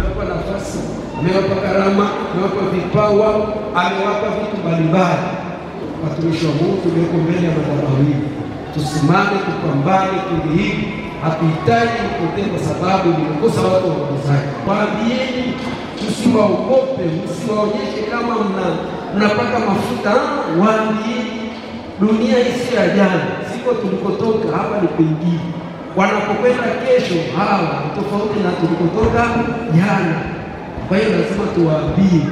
amewapa nafasi, amewapa karama, amewapa vipawa, amewapa vitu mbalimbali. Watumishi wa Mungu tulioko mbele ya madhabahu hii, tusimame tupambane kundi hili. Hatuhitaji kupotee kwa sababu nimekosa watu wa wakozaji. Waambieni, msiwaogope, msiwaonyeshe kama mna mnapaka mafuta. Waambieni dunia isiyo ya jana, siko tulikotoka, hapa ni kwingine wanapokwenda kesho hawa tofauti na tulipotoka jana. Kwa hiyo lazima tuwaambie,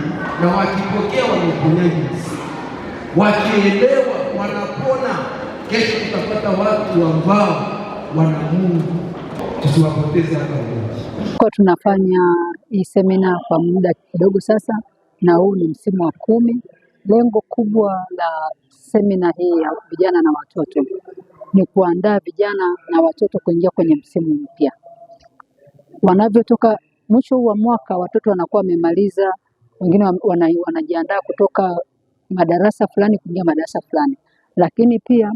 na wakipokea wanaponyaji, wakielewa wanapona. Kesho tutapata watu ambao wana Mungu, tusiwapoteze hata mmoja. Kwa tunafanya hii semina kwa muda kidogo sasa, na huu ni msimu wa kumi. Lengo kubwa la semina hii ya vijana na watoto ni kuandaa vijana na watoto kuingia kwenye msimu mpya. Wanavyotoka mwisho wa mwaka, watoto wanakuwa wamemaliza, wengine wanajiandaa kutoka madarasa fulani kuingia madarasa fulani, lakini pia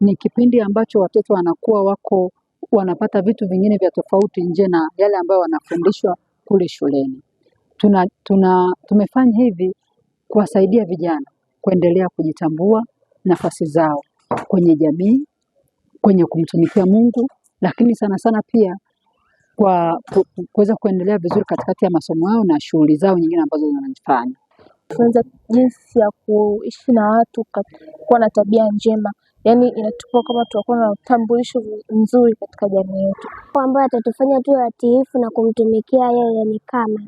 ni kipindi ambacho watoto wanakuwa wako wanapata vitu vingine vya tofauti nje na yale ambayo wanafundishwa kule shuleni. Tuna, tuna tumefanya hivi kuwasaidia vijana kuendelea kujitambua nafasi zao kwenye jamii kwenye kumtumikia Mungu, lakini sana sana pia kwa kuweza kuendelea vizuri katikati ya masomo yao na shughuli zao nyingine ambazo wanazifanya. Kwanza jinsi ya kuishi na watu, kuwa na tabia njema, yaani inatupa kama tunakuwa na utambulisho mzuri katika jamii yetu, ambayo atatufanya tuwe watiifu na kumtumikia yeye. Ni kama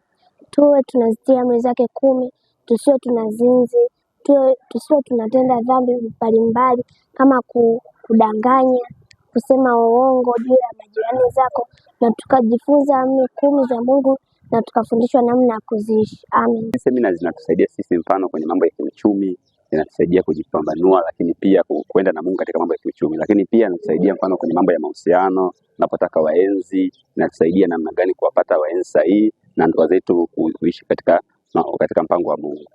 tuwe tunazitia amri zake kumi, tusiwe tunazinzi, tusiwe tunatenda dhambi mbalimbali kama ku kudanganya, kusema uongo juu ya majirani zako, na tukajifunza amri kumi za Mungu na tukafundishwa namna ya kuziishi. Amen. Semina zinatusaidia sisi, mfano kwenye mambo ya kiuchumi inatusaidia kujipambanua, lakini pia kwenda na Mungu katika mambo ya kiuchumi, lakini pia inatusaidia mfano kwenye mambo ya mahusiano, unapotaka waenzi, inatusaidia namna gani kuwapata waenzi sahihi na ndoa zetu kuishi katika, katika mpango wa Mungu.